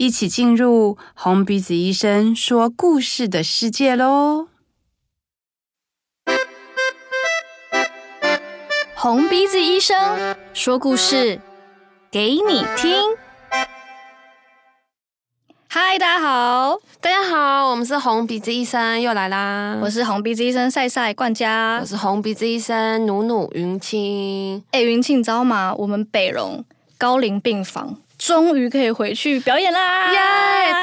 一起進入紅鼻子醫生說故事的世界嘍！紅鼻子醫生說故事給你聽。嗨，大家好，大家好，我們是紅鼻子醫生又來啦！我是紅鼻子醫生賽賽冠嘉，我是紅鼻子醫生努努雲欽。哎，雲欽，你知道嗎？我們北榮高齡病房，終於可以回去表演啦！耶！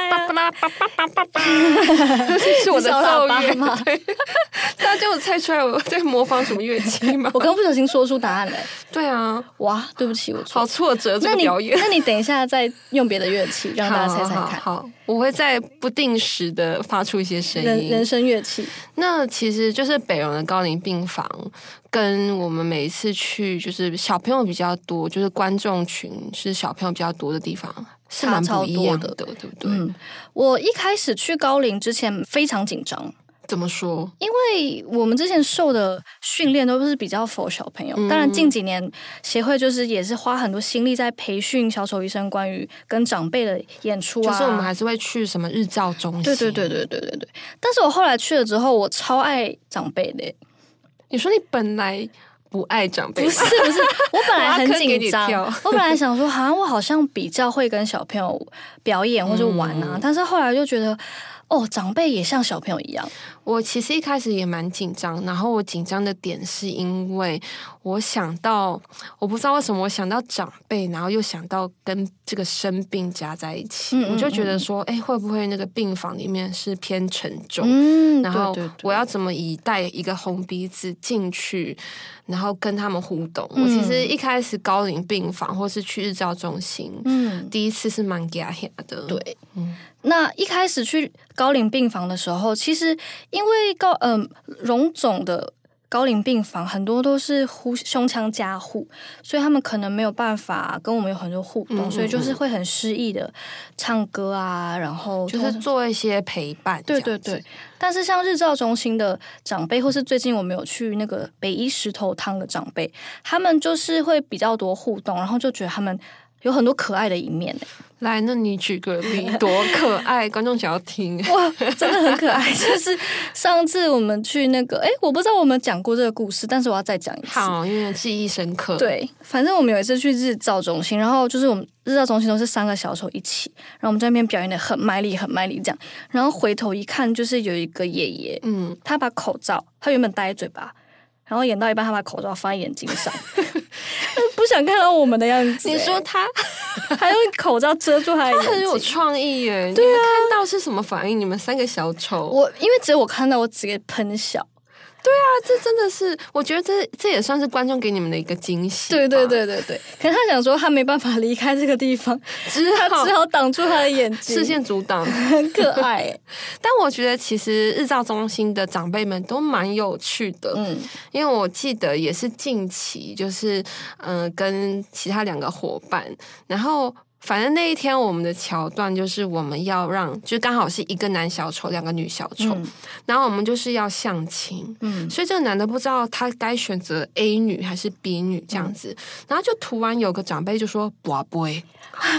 叭叭啦叭叭叭叭叭！這是我的噪音嗎？大家就猜出來我在模仿什麼樂器嗎？我剛不小心說出答案來。對啊，哇！對不起，我好挫折這個表演。那你等一下再用別的樂器讓大家猜猜看。好，我會在不定時的發出一些聲音，人聲樂器。那其實就是北榮的高齡病房。跟我們每一次去，就是小朋友比較多，就是觀眾群是小朋友比較多的地方，差是蠻不一樣的，的對不對？嗯，我一開始去高齡之前非常緊張，怎麼說？因為我們之前受的訓練都是比較 for 小朋友，嗯，當然近幾年協會就是也是花很多心力在培訓小丑醫生關於跟長輩的演出啊。就是我們還是會去什麼日照中心，對，對對對對對對對。但是我後來去了之後，我超愛長輩的。你說你本來不愛長輩？不是不是，我本來很緊張，我本來想說，好像我好像比較會跟小朋友表演或者玩啊，嗯、但是後來就覺得。哦，長輩也像小朋友一樣。我其實一開始也蠻緊張，然後我緊張的點是因為我想到，我不知道為什麼我想到長輩，然後又想到跟這個生病加在一起，嗯嗯嗯，我就覺得說，哎，會不會那個病房裡面是偏沉重？嗯、然後我要怎麼以帶一個紅鼻子進去，然後跟他們互動？嗯、我其實一開始高齡病房或是去日照中心，嗯，第一次是蠻尷尬的，對，嗯。那一開始去高齡病房的時候，其實因為高嗯，呃、榮總的高齡病房很多都是呼胸腔加護，所以他們可能沒有辦法跟我們有很多互動，嗯、哼所以就是會很失意的唱歌啊，然後就是做一些陪伴。對對對。但是像日照中心的長輩，或是最近我們有去那個北醫石頭湯的長輩，他們就是會比較多互動，然後就覺得他們。有很多可愛的一面呢？欸。來，那你舉個例多可愛！ 觀眾想要聽，哇，真的很可愛。就是上次我們去那個，哎、欸，我不知道我們講過這個故事，但是我要再講一次，好，因為記憶深刻。對，反正我們有一次去日照中心，然後就是我們日照中心都是三個小丑一起，然後我們在那邊表演得很賣力，很賣力這樣，然後回頭一看，就是有一個爺爺，嗯，他把口罩，他原本戴在嘴巴，然後演到一半，他把口罩放在眼睛上。 不想看到我們的樣子、欸。你說他還用口罩遮住他。 他很有創意耶！對啊，你們看到是什麼反應？你們三個小丑，我因為只有我看到，我直接噴笑。對啊，這真的是，我覺得這這也算是觀眾給你們的一個驚喜。對對對對對，可是他想說他沒辦法離開這個地方，只好他只好擋住他的眼睛，視線阻擋，很可愛。 但我覺得其實日照中心的長輩們都蠻有趣的，嗯，因為我記得也是近期，就是嗯、呃，跟其他兩個夥伴，然後。反正那一天我們的橋段就是我們要讓，就是、剛好是一個男小丑，兩個女小丑，嗯、然後我們就是要相親，嗯，所以這個男的不知道他該選擇 A 女還是 B 女這樣子，嗯、然後就突然，有個長輩就說補啊補，好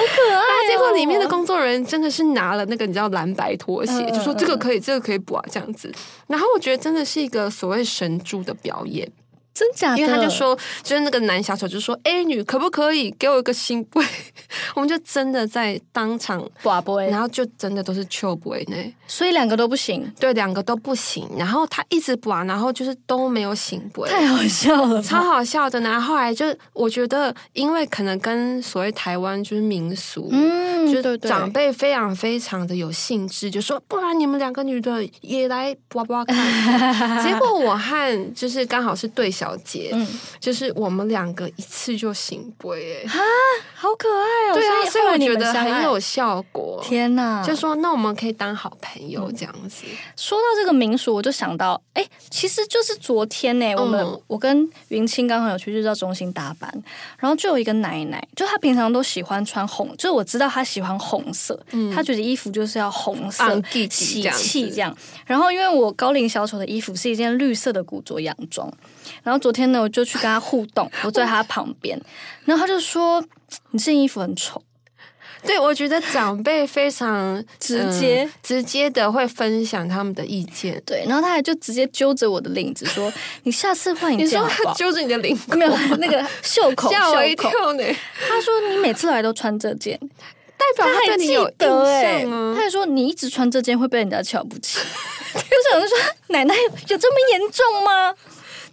可愛、哦、 然後結果裡面的工作人員真的是拿了那個你知道藍白拖鞋，就說這個可以，這個可以補啊這樣子，然後我覺得真的是一個所謂神助的表演。真假的？因為他就說，就是那個男小丑就說：“誒、欸，女可不可以給我一個聖杯？ 我們就真的在當場杯然後就真的都是笑杯呢，所以兩個都不行。對，兩個都不行。然後他一直補，然後就是都沒有聖杯，太好笑了，超好笑的，然後後來就我覺得，因為可能跟所謂台灣就是民俗，嗯對。長輩非常非常的有興致，就說不然、啊、你們兩個女的也來呱呱看？ 結果我和就是剛好是對小姐，嗯、就是我們兩個一次就聖杯。哎啊，好可愛哦、喔！對啊，所以我覺得很有效果。天哪！就說那我們可以當好朋友這樣子。嗯、說到這個民俗，我就想到，哎、欸，其實就是昨天呢、欸，我們、嗯、我跟雲欽剛好有去日照中心搭班，然後就有一個奶奶，就她平常都喜歡穿紅，就我知道她。喜歡紅色，嗯、他覺得衣服就是要紅色喜氣、嗯、洗這樣。然後因為我高齡小丑的衣服是一件綠色的古着洋裝，然後昨天呢，我就去跟他互動， 我坐在他旁邊，然後他就說：“ 你這件衣服很醜。對”對我覺得長輩非常直接、 嗯，直接的會分享他們的意見。對，然後他還就直接揪着我的領子說：“ 你下次換一件好不好。”你說，他揪着你的領子沒有那個袖口嚇 我一跳呢。他說：“你每次來都穿這件。”代表他對你有印象嗎？他還記得、欸、他還說你一直穿這件會被人家瞧不起。就是有人說奶奶有，有這麼嚴重嗎？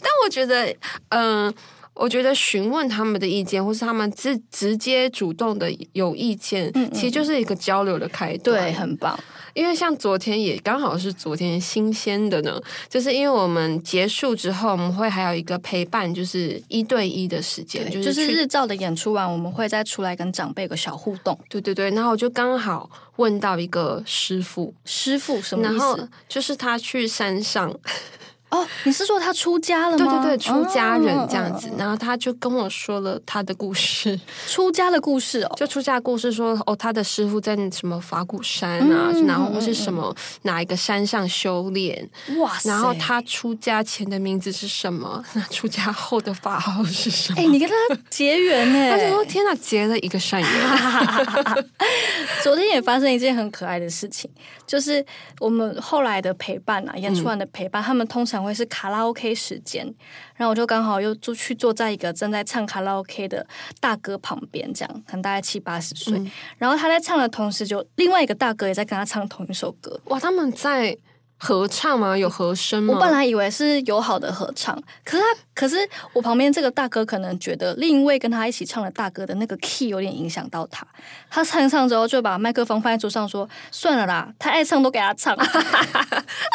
但我覺得，嗯、呃，我覺得詢問他們的意見，或是他們直直接主動的有意見，嗯嗯，其實就是一個交流的開端。對，很棒。因為像昨天也剛好是昨天新鮮的呢，就是因為我們結束之後，我們會還有一個陪伴，就是一對一的時間，對就，是就是日照的演出完，我們會再出來跟長輩一個小互動。對對對，然後我就剛好問到一個師傅，師傅，什麼意思？啊？就是他去山上。 哦，你是說他出家了嗎？對對對，出家人這樣子，哦、然後他就跟我說了他的故事，出家的故事，哦，就出家故事說，哦，他的師傅在什麼法鼓山啊，嗯、然後是什麼、嗯嗯、哪一個山上修煉？哇塞，然後他出家前的名字是什麼？那出家後的法號是什麼？哎、欸，你跟他結緣呢？ 他就說天哪，結了一個善緣。 昨天也發生一件很可愛的事情，就是我們後來的陪伴啊，演出完的陪伴，嗯、他們通常。會是卡拉 OK 時間，然後我就剛好又出去坐在一個正在唱卡拉 OK 的大哥旁邊，這樣可能大概七八十歲，嗯，然後他在唱的同時就，就另外一個大哥也在跟他唱同一首歌，哇，他們在。合唱嗎？有和聲嗎？我本來以為是友好的合唱，可是他，可是我旁邊這個大哥可能覺得另一位跟他一起唱的大哥的那個 key 有點影響到他，他唱唱之後就把麥克風放在桌上說：“算了啦，他愛唱都給他唱。”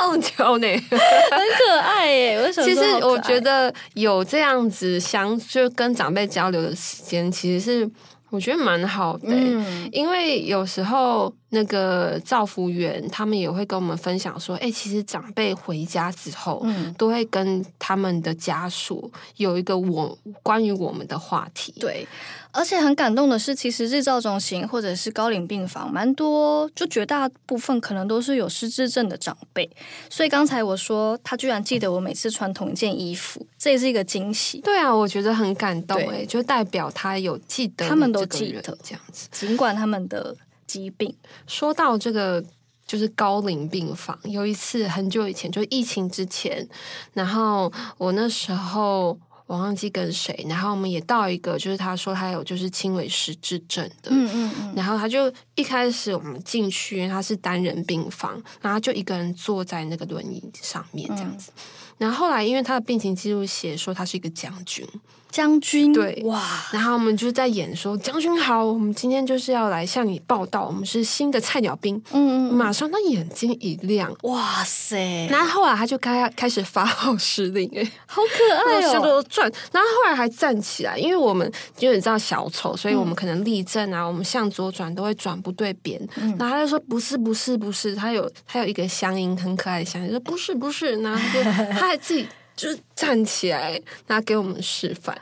哦天哪，很可愛耶！為什麼？其實我覺得有這樣子相就跟長輩交流的時間，其實是我覺得蠻好的，欸，嗯、因為有時候。那個照服員，他們也會跟我們分享說：“哎，其實長輩回家之後，嗯、都會跟他們的家屬有一個我關於我們的話題。”對，而且很感動的是，其實日照中心或者是高齡病房，蠻多就絕大部分可能都是有失智症的長輩。所以剛才我說他居然記得我每次穿同一件衣服，這也是一個驚喜。對啊，我覺得很感動哎、欸，對就代表他有記得他們都記得這樣子，儘管他們的。疾病，說到這個就是高齡病房。有一次很久以前，就疫情之前，然後我那時候我忘記跟誰，然後我們也到一個，就是他說他有就是輕微失智症的，嗯嗯嗯。然後他就一開始我們進去，因為他是單人病房，然後他就一個人坐在那個輪椅上面，嗯，這樣子。然後後來，因為他的病情記錄寫說他是一個將軍，將軍對哇。然後我們就在演說，將軍好，我們今天就是要來向你報道，我們是新的菜鳥兵。嗯，嗯嗯，馬上他眼睛一亮，哇塞！然後後來他就開開始發號施令，哎，好可愛哦，向左轉。然後後來還站起來，因為我們因為你知道小丑，所以我們可能立正啊，嗯、我們向左轉都會轉不對邊。嗯、然後他就說不是不是不是，他有他有一個鄉音很可愛的鄉音，說不是不是，然後他就他。自己就是站起來，就拿給我們示範。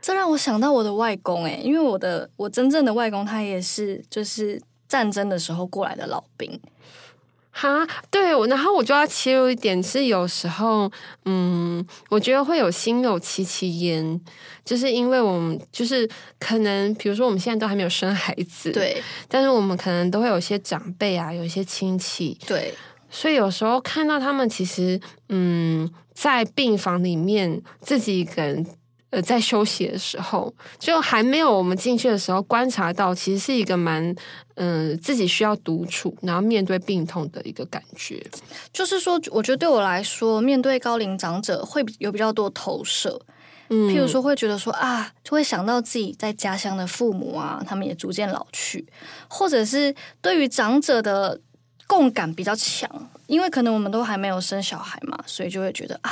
這讓我想到我的外公欸，因為我的我真正的外公他也是就是戰爭的時候過來的老兵。哈，對，然後我就要切入一點是有時候，嗯，我覺得會有心有戚戚焉，就是因為我們就是可能比如說我們現在都還沒有生孩子，對，但是我們可能都會有一些長輩啊，有一些親戚，對。所以有時候看到他們，其實嗯，在病房裡面自己一個人呃在休息的時候，就還沒有我們進去的時候觀察到，其實是一個蠻嗯、呃、自己需要獨處，然後面對病痛的一個感覺。就是說，我覺得對我來說，面對高齡長者會有比較多投射，嗯，譬如說會覺得說啊，就會想到自己在家鄉的父母啊，他們也逐漸老去，或者是對於長者的。共感比較強，因為可能我們都還沒有生小孩嘛，所以就會覺得啊，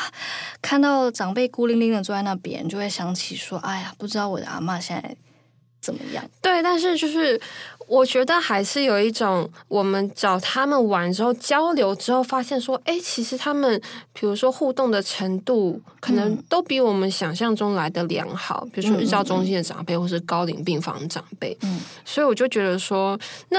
看到長輩孤零零的坐在那邊，就會想起說，哎呀，不知道我的阿嬤現在怎麼樣。對，但是就是我覺得還是有一種，我們找他們玩之後交流之後，發現說，哎、欸，其實他們比如說互動的程度，可能都比我們想象中來得良好。嗯。比如說日照中心的長輩，或是高齡病房的長輩。嗯。所以我就覺得說，那。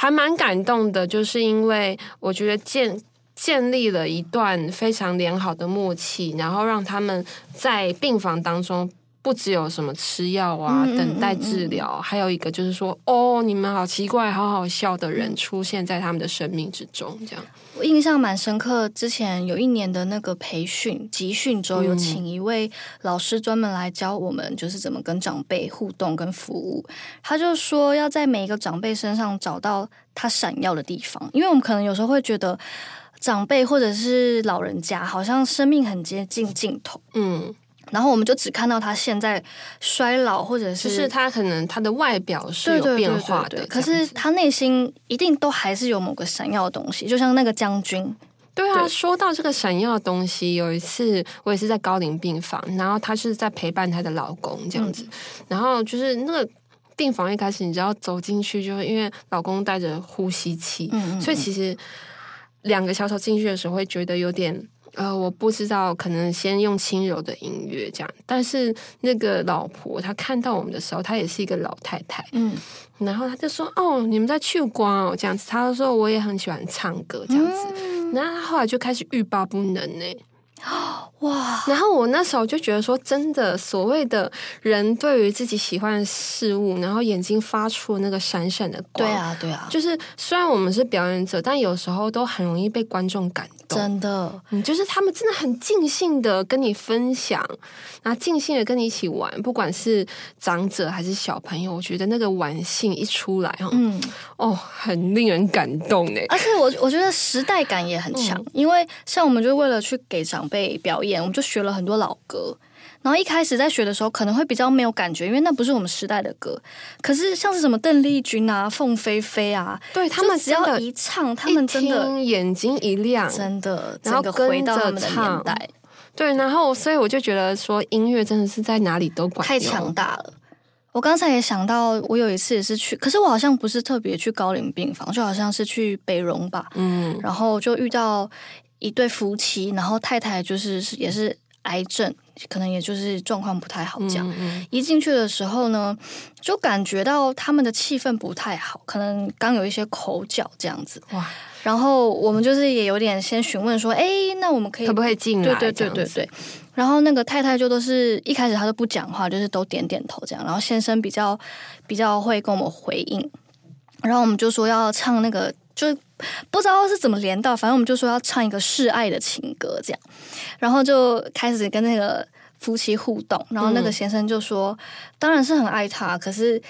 還蠻感動的，就是因為我覺得建建立了一段非常良好的默契，然後讓他們在病房當中，不只有什麼吃藥啊、等待治療，嗯嗯嗯嗯嗯，還有一個就是說，哦，你們好奇怪、好好笑的人出現在他們的生命之中。這樣，我印象蠻深刻。之前有一年的那個培訓集訓之後，有請一位老師專門來教我們，就是怎麼跟長輩互動、跟服務。他就說，要在每一個長輩身上找到他閃耀的地方，因為我們可能有時候會覺得長輩或者是老人家，好像生命很接近盡頭。嗯。然後我們就只看到他現在衰老，或者是就是，他可能他的外表是有變化的，對對對對對。可是他內心一定都還是有某個閃耀的東西，就像那個將軍。對啊，對說到這個閃耀的東西，有一次我也是在高齡病房，然後他是在陪伴他的老公這樣子，嗯、然後就是那個病房一開始你只要走進去就會，就是因為老公帶着呼吸器，嗯嗯嗯，所以其實兩個小丑進去的時候會覺得有點。呃，我不知道，可能先用輕柔的音樂這樣。但是那個老婆她看到我們的時候，她也是一個老太太，嗯，然後她就說：“哦，你們在去光哦這樣子。”她就說：“我也很喜歡唱歌這樣子。”嗯，然後她後來就開始欲罷不能呢。哇！然後我那時候就覺得說，真的，所謂的人對於自己喜歡的事物，然後眼睛發出那個閃閃的光，對啊，對啊，就是雖然我們是表演者，但有時候都很容易被觀眾感覺。真的，你、嗯、就是他們真的很盡興的跟你分享，啊，盡興的跟你一起玩，不管是長者還是小朋友，我覺得那個玩性一出來哈，嗯，哦，很令人感動哎，而且我我覺得時代感也很強，嗯、因為像我們就為了去給長輩表演，我們就學了很多老歌。然後一開始在學的時候可能會比較沒有感覺，因為那不是我們時代的歌。可是像是什麼鄧麗君啊、鳳飛飛啊，對他們只要一唱，他們真的眼睛一亮，真的，然後跟着唱。代對，然後所以我就覺得說，音樂真的是在哪裡都管用，太強大了。我剛才也想到，我有一次也是去，可是我好像不是特別去高齡病房，就好像是去北榮吧。嗯，然後就遇到一對夫妻，然後太太就是也是癌症。可能也就是狀況不太好講，嗯嗯、一進去的時候呢，就感覺到他們的氣氛不太好，可能剛有一些口角這樣子。哇，然後我們就是也有點先詢問說，誒、嗯，那我們可以可不可以進來？對對對對對。然後那個太太就都是一開始她都不講話，就是都點點頭這樣。然後先生比較比較會跟我們回應，然後我們就說要唱那個。就不知道是怎麼連到，反正我們就說要唱一個示愛的情歌，這樣，然後就開始跟那個夫妻互動，然後那個先生就說，嗯、當然是很愛她，可是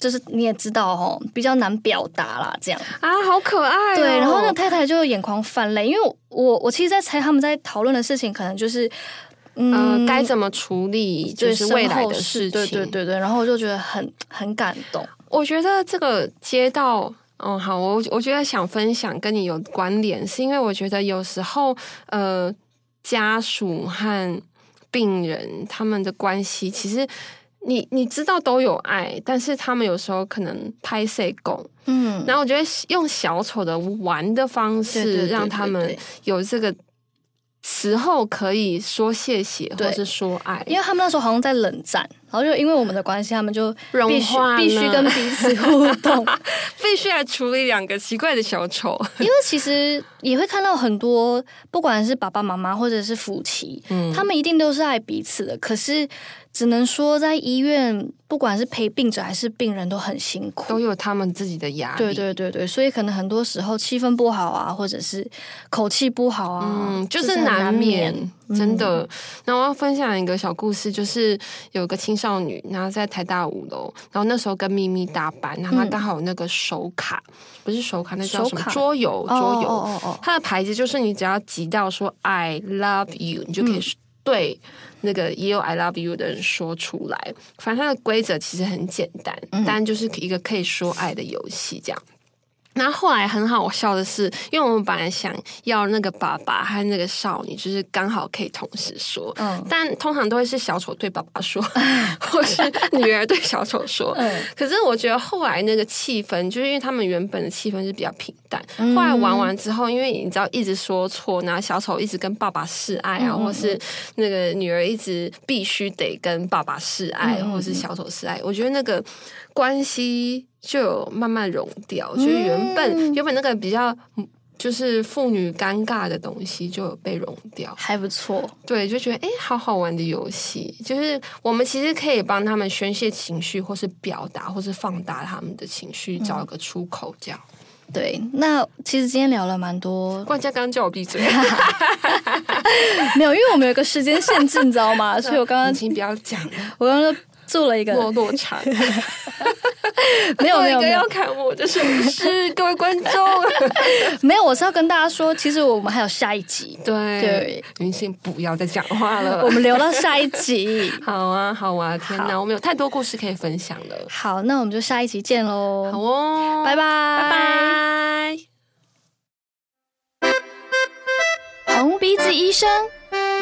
就是你也知道哦，比較難表達啦。這樣啊，好可愛，喔，對，然後那個太太就眼眶泛淚，因為我我其實在，在猜他們在討論的事情，可能就是嗯，該、呃、怎麼處理就是未來的事情事，對對對對，然後我就覺得很很感動，我覺得這個街道。哦、嗯，好，我我覺得想分享跟你有關聯，是因為我覺得有時候，呃，家屬和病人他們的關係，其實你你知道都有愛，但是他們有時候可能拍謝講，嗯，然後我覺得用小丑的玩的方式，對對對對對讓他們有這個時候可以說謝謝，對或是說愛，因為他們那時候好像在冷戰。然後就因為我們的關係，他們就必須必須跟彼此互動， 必須要處理兩個奇怪的小丑。 因為其實也會看到很多，不管是爸爸媽媽或者是夫妻，嗯，他們一定都是愛彼此的。可是。只能說在醫院，不管是陪病者，還是病人，都很辛苦，都有他們自己的壓力。對對對對，所以可能很多時候氣氛不好啊，或者是口氣不好啊，嗯，就是難免，難免真的。那、嗯、我要分享一個小故事，就是有個青少女，然後在台大五樓，然後那時候跟咪咪搭班，然後他剛好有那個手卡，嗯、不是手卡，那叫什麼手卡桌遊？Oh, 桌遊哦哦，它、oh, oh, oh. 的牌子就是你只要集到說 I love you，你就可以、嗯。對那個也有 “I love you” 的人說出來，反正它的規則其實很簡單，但就是一個可以說愛的遊戲這樣。嗯，然後後來很好笑的是，因為我們本來想要那個爸爸和那個少女，就是剛好可以同時說，嗯，但通常都會是小丑對爸爸說，或是女兒對小丑說。 可是我覺得後來那個氣氛，就是因為他們原本的氣氛是比較平。但後來玩完之後，嗯、因為你知道一直說錯，然後小丑一直跟爸爸示愛啊，嗯、或是那個女兒一直必須得跟爸爸示愛，嗯、或是小丑示愛，嗯、我覺得那個關係就有慢慢融掉。我覺得原本原本那個比較就是父女尷尬的東西就有被融掉，還不錯。對，就覺得哎、欸，好好玩的遊戲，就是我們其實可以幫他們宣泄情緒，或是表達，或是放大他們的情緒，找一個出口這樣。嗯對，那其實今天聊了蠻多。冠嘉剛剛叫我閉嘴。 沒有，因為我們有個時間限制，你知道嗎？所以我剛剛請、嗯、不要講了，我剛剛。錄了一個落落差，沒有沒有要看。我，這是是各位觀眾，沒有我是要跟大家說，其實我們還有下一集，對對，雲欽不要再講話了，我們留到下一集，好啊好啊，啊、天哪，我們有太多故事可以分享了，好、啊，那我們就下一集見嘍，好哦，拜拜拜拜，紅鼻子醫生，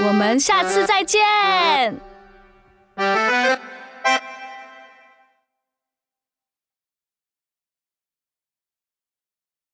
我們下次再見。啊